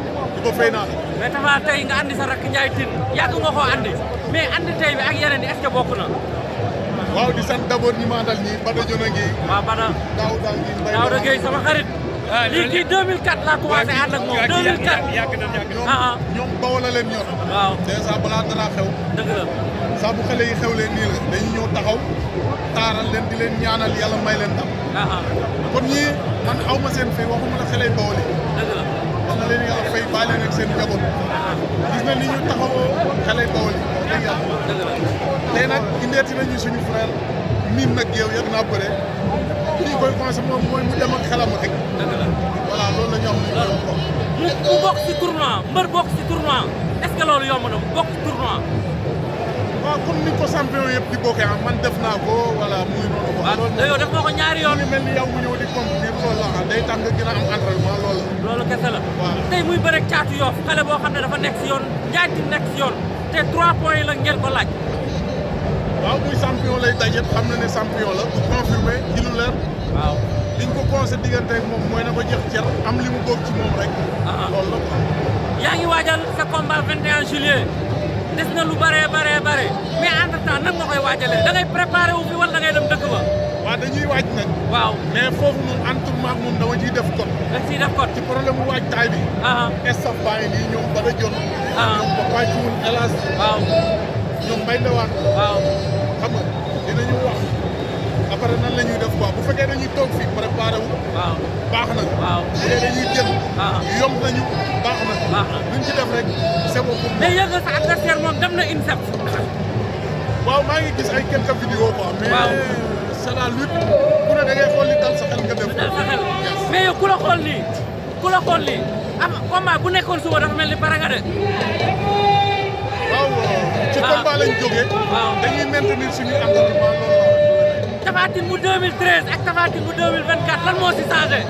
di ko fay naa mais Tapha tey nga andi sa rakk Ndiaye Tine yàgg nga koo andi mais andi tey bi ak yeneen yi est-ce que bokk na. waaw di sant d'abord ñi ma àndal ñii Bada Dione ngi. waaw Bada Daouda ngi Mbaye Daouda Gueye sama xarit. ah lii kii 2004 laa commencé ànd ak moom 2004 yàgg na yàgg na ñoom ah, ah. ñoom Bawol la leen ñor. waaw dèjà balaa dara xew. dëgg la saa bu xale yi xew leen nii la dañu ñëw taxaw taaral leen di leen ñaanal yàlla may leen ndam. Ah, kon ñii man xaw ma seen fay waxuma la xale yi Bawol yi. wax nga leen nga fay baale nag seen njaboot gis na ni ñu taxawoo xale Bawol yi wax dëgg yàlla tey nag indeeti nañu suñu frère miin nag yow yàgg naa bëre lii koy commencé moom mu dem ak xelam rek voilà loolu la mu bokk ci tournoi mbër bokk ci tournoi est-ce que mu bokk ci tournoi waaw comme ni ko champion yëpp di bokkee ah man def naa ko voilà muy noonu. Ah, loolu ah, a kese la. tey muy bëreeg caatu yoof xale boo xam ne dafa nekk si yoon ñaati nekk si yoon te 3 points yi la ngeen ko laaj. waaw muy champion lay dajet xam na ne champion la bu confirmé ci lu leer. waaw liñ ko conseillé diggante ak moom mooy na ko jeex cer am li mu bokk ci moom rek. Ah, loolu la quoi. yaa ngi waajal sa combat 21 juillet. des na lu bare bare bare mais entre temps nan nga koy waajalee da ngay préparé wu fi wala da ngay dem dëkk ba. waaw dañuy waaj nag. waaw mais foofu moom entourement moom dama ciy def code. da ciy def code ci problème mu waaj taay bi. staff baa ngi nii ñoom Bada Dione. ñoom Papa Diouf El Hadj. waaw ñoom Mbaye Ndawaan. waaw. pare nan la ñuy def quoi bu fekkee dañuy toog fii préparé wu. waaw baax na. bu dee dañuy jël. Ah. yomb nañu baax na. baax na def rek c'est bon. mais yëg nga sa adversaire moom dem na INSEP. waaw maa ngi gis ay quelques vidéos quoi. waaw mais c'est la lutte. ku ne da ngay xool li xel nga def. dal yow ku la xool lii ku la xool lii am combat bu nekkoon suba dafa mel ni bara de. waaw ci ah. combat lañ jógee. waaw dañuy maintenir suñuy engagement loolu. Tapha Tine mu 2013 ak Tapha Tine mu 2024 lan moo si changé.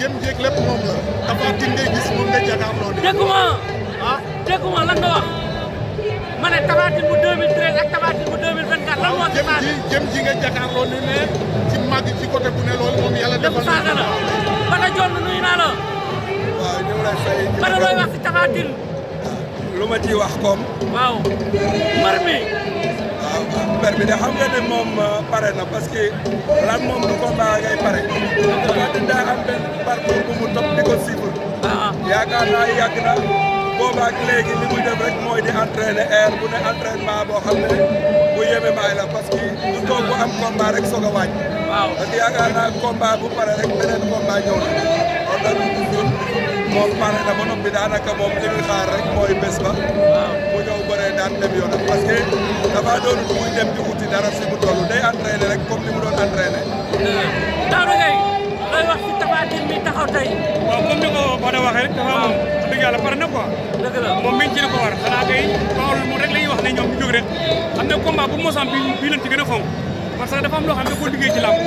jëm jéeg lépp moom la. Tapha Tine ngay gis moom nga jàkkaarloo de. dégguma ah dégguma lan nga wax ma ne Tapha Tine mu 2013 ak Tapha Tine mu 2024 lan moo si changé. jëm ji jëm ji nga jàkkaarloo ni ne ci màgg ci côté bu ne loolu moom yàlla defal na la. Bada Dione nuyu naa la. waaw ñu ngi lay fay. Bada looy wax si Tapha Tine. lu ma ciy wax comme. waaw mbër mi. père bi de xam nga ne moom euh, pare na parce que lan moom du combat ngay pare. dafa dinda am benn parcours bu mu topp di ko suivre. Ah, ah. yaakaar naa yàgg na boobaak léegi li mu def rek mooy di entraîner air bu ne entraînement boo xam ne bu yeme maay la parce que du toog bu am combat rek soog a wàññi. waaw parce que yaakaar naa bu pare rek beneen combat ñëw na. tëggal moom pare na ba noppi daanaka moom li muy xaar rek mooy bés ba. mu ñëw bëree daan dem yoonam parce que dafa doon muy dem di wuti dara fi mu toll day entraîné ni mu doon entraîné. Daouda Gaye looy wax ci Tapha taxaw tey. waaw comme ko Bada waxee. dafa moom mi ngi ko war xanaa kay loolu moom rek la wax ne ñoom ñu jóg rek xam ne combat bu mosam bi bii lañ ci a parce que dafa am loo xam ne ko liggéey ci làmb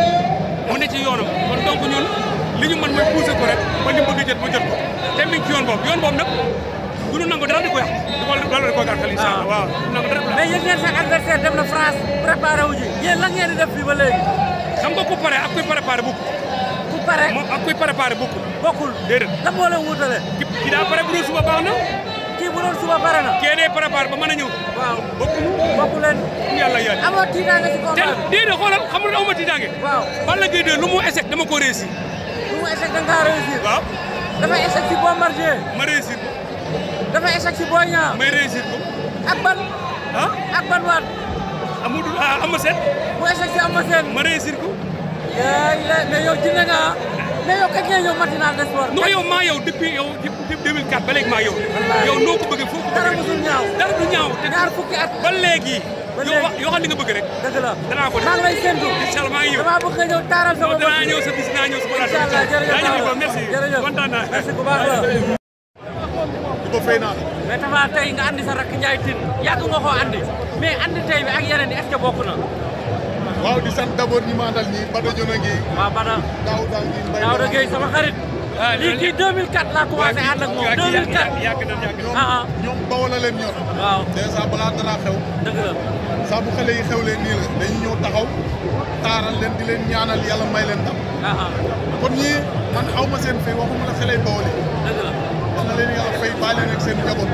mu ne ci yoonam kon donc ñun li ñu mën mooy pousser ko rek ba li mu bëgg a jot mu jot ko te mi ngi ci yoon boobu yoon boobu nag du ñu nangu dara di ko yàq di ko dara di ko gàkkal incha allah waaw nangu dara mais yéen ngeen dem na France préparé wu ji yéen lan ngeen di def fii ba léegi xam ku pare ak kuy préparé bukk ku pare moom ak kuy préparé bukk bokkul déedéet lan moo leen wutale ki daa pare bu dul suba bu doon suba pare na. kee dee préparé ba mën a ñëw. waaw bokku bokku leen. yàlla yàlla amoo tiitaange ci combat bi. déedéet xoolal xam nga amoo tiitaange. waaw Balla Gaye de lu mu échec dama ko réussir. lu mu échec da nga kaa réussir. waaw dafa échec ci Bombardier. ma réussir ko. dafa échec ci Boy Niang. may réussir ko. ak ban. ah ak ban waat. amul ah Ama Sène. mu échec ci Ama Sène. ma réussir ko. yaa ngi lay mais yow ji na nga ah. mais yow kañ la yow matinal des sports. non yow maa yow depuis yow depuis 2004 ba léegi maa yow. yow noo ko bëggee foo ko bëggee. dara musul ñaaw dara du ñaaw. ñaar fukki at ba léegi. ba léegi yoo xam li nga bëgg rek. dëgg la danaa ko def maa ngi lay séntu. incha allah maa ngi ñëw damaa bëgg nga ñëw taaral sama bopp. danaa ñëw sa bis dinaa ñëw sa bopp. incha allah jërëjëf merci kontaan naa. merci bu baax la. di ko fay naa. mais Tapha tey nga andi sa rakk Ndiaye Tine yàgg nga koo andi mais andi tey bi ak yeneen yi est-ce que bokk na waaw di sant d' abord ñi ma àndal ñii Bada Dione a ngi. waaw Bada Daouda ngi Mbaye Daouda Gueye sama xarit. ah lii kii 2004 laa commencé ànd ak moom 2004 yàgg ah, ah. ñoom bawoo leen ñor. waaw dèjà balaa dara xew. saa bu xale yi xew leen nii la dañuy ñëw taxaw taaral leen di leen ñaanal yàlla may leen tam. Ah, kon ñii man xaw ma seen fay waxuma la xale yi bawoo la. leen yàlla fay baale leen ak seen njaboot.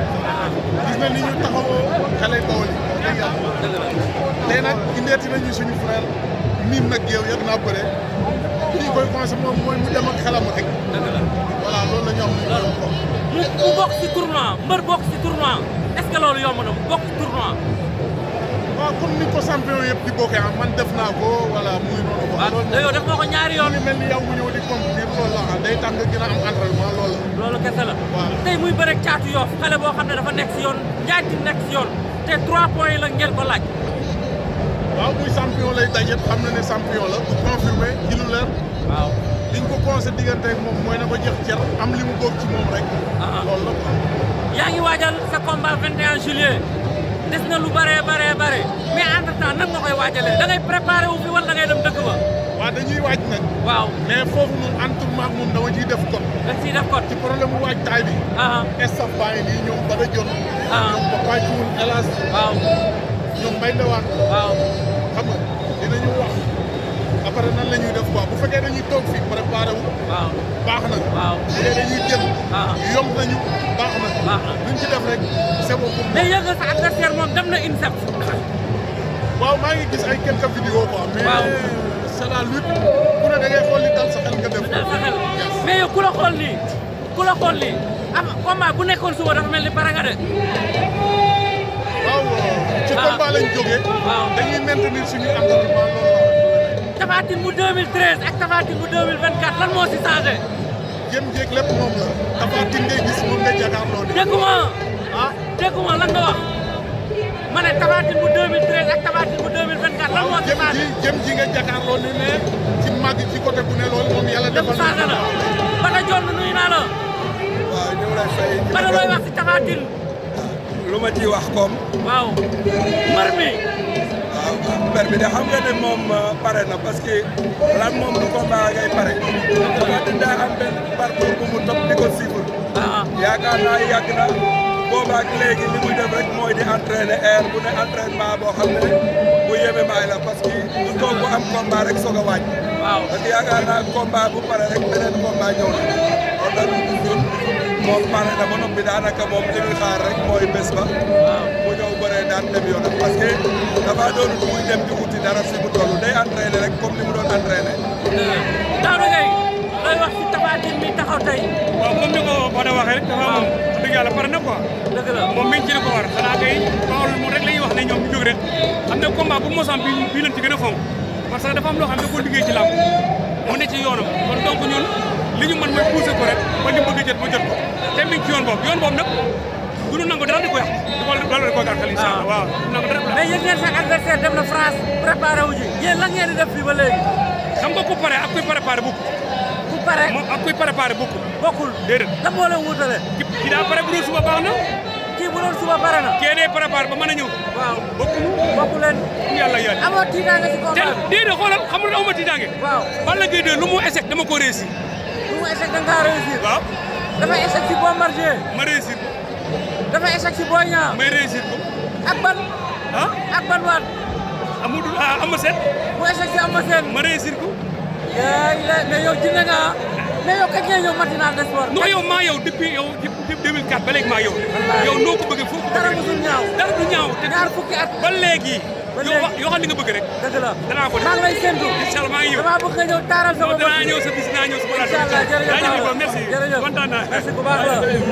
gis ni ñu taxawoo xale yi bawoo la dëgg yàlla. nag indeeti nañu suñu frère miin nag yow yàgg naa bëre bi ñu koy commencé moom mooy mu dem ak xelam rek. dëgg la loolu la ñu am. mu bokk ci tournoi mbër bokk ci tournoi est-ce que mu bokk ci tournoi. waaw comme ni ko yëpp di bokkee ah man def naa ko voilà muy noonu. waaw ah, loolu ah, day tax nga gën a loolu kese la. tey muy bëreeg caatu yoo xale boo xam ne dafa nekk ci yoon njaay nekk ci yoon te 3 points la ngeen ko waaw muy champion lay dajet xam na ne champion la bu confirmé ci ko conseillé diggante ak moom mooy na ko jeex cer am li mu góob ci moom rek. Ah, ah. loolu la quoi. yaa ngi waajal sa combat 21 juillet des na lu bare bare bare mais entre temps nan nga koy waajalee da ngay fi wala da dem dëkk ba. waaw dañuy waaj nag. waaw mais foofu moom entourement moom dama ciy def code. da ciy def code ci problème waaj taay bi. instant ah, baa ngi nii ñoom ba la jot. ñoom ba pàcc wul hélas. waaw ñoom bay ndawaan. waaw. xam nga dinañu wax après nan la def quoi bu fekkee dañuy toog fii préparé wu. waaw baax na. bu dee dañuy jël. Ah. yomb nañu baax na. baax ah. na luñ rek c'est bon pour. mais yëg sa adversaire moom dem na INSEP. waaw maa ngi gis ay quelques vidéos quoi. waaw mais c'est la lutte ku ne da xool li dal sa xel nga def. dal yow ku la xool lii ku la xool lii am combat bu nekkoon suba dafa mel ni bara de. ci combat lañ jógee. waaw dañuy maintenir suñu engagement jëm jéeg nga jàkkaarloo de. dégguma ah dégguma lan nga wax ne Tapha Tine bu 2013 ak Tapha Tine bu 2024 lan moo si changé. jëm ji nga jàkkaarloo ni ne ci màgg ci côté bu ne loolu moom yàlla naa la. lu ma ciy wax comme. waaw mbër mi. waaw mbër bi de xam nga ne moom euh, pare na parce que lan moom du combat ngay pare. dafa dinaa am benn parcours bu mu topp di ko suivre. Ah, ah. yaakaar naa yàgg na boobaak léegi li muy def rek mooy di entraîner air bu ne entraînement boo xam ne bu yéeme maay la parce que du toog bu am combat rek soog a waaj. waaw parce que yaakaar naa combat bu pare rek beneen combat ñëw na kon nag moom pare na ba noppi daanaka moom li muy xaar rek mooy bés ba. waaw mu ñëw bëree daan dem yoonam parce que dafa doon muy dem di wuti dara fi mu toll day entraîné rek ni mu doon entraîné. Daouda Gueye looy wax ci Tapha Tine mi taxaw tey. waaw comme ni ko Bada waxee rek dafa moom dëgg yàlla moom mi ngi ci war xanaa kay loolu moom rek la wax ne ñoom ñu jóg am na combat bu mosam bi bii leen ci parce que dafa am loo xam ne boo liggéey ci làmb mu ne ci yoonam li ñu mën mooy poussé ko rek ba li mu bëgg a jot ma jot ko te mi ngi ci yoon boobu yoon boobu nag du ñu nangu dara di ko yàq di ko dara di ko gàttal incha allah ah. waaw ah. nangu dem na France préparé wu ji yéen lan ngeen fii ba léegi xam nga ku pare ak kuy préparé bokkul ku pare moom ak kuy préparé bokkul bokkul déedéet lan moo leen wutale ki daa pare bu dul suba na loolu suba pare na. kee dee ba mën waaw bokku bokku leen. yàlla yàlla amoo tiitaange si combat bi. déedéet xoolal xam nga amoo waaw Balla Gaye de lu mu échec dama ko réussir. lu mu échec da nga kaa waaw dafa échec si Bombardier. ma réussir ko. dafa échec si Boy Niang. ma réussir ko. ak ban. ah ak ban waat. amul ah Ama mu échec si Ama Sène. ma réussir ko. yaa ngi lay yow ji nga mais yow kañ ngay ñëw matinal des sports. non yow maa yow depuis yow depuis 2004 ba léegi maa yow. yow noo ko bëggee foofu. dara musul ñaaw dara du ñaaw. te ñaar fukki at ba léegi. ba léegi yoo xam li nga bëgg rek. dëgg la danaa ko def maa ngi lay séntu. incha allah maa ngi ñëw damaa bëgg nga ñëw taaral sama bopp. danaa ñëw sa bis naa ñëw sama rajo. incha allah jërëjëf merci kontaan naa merci bu baax la.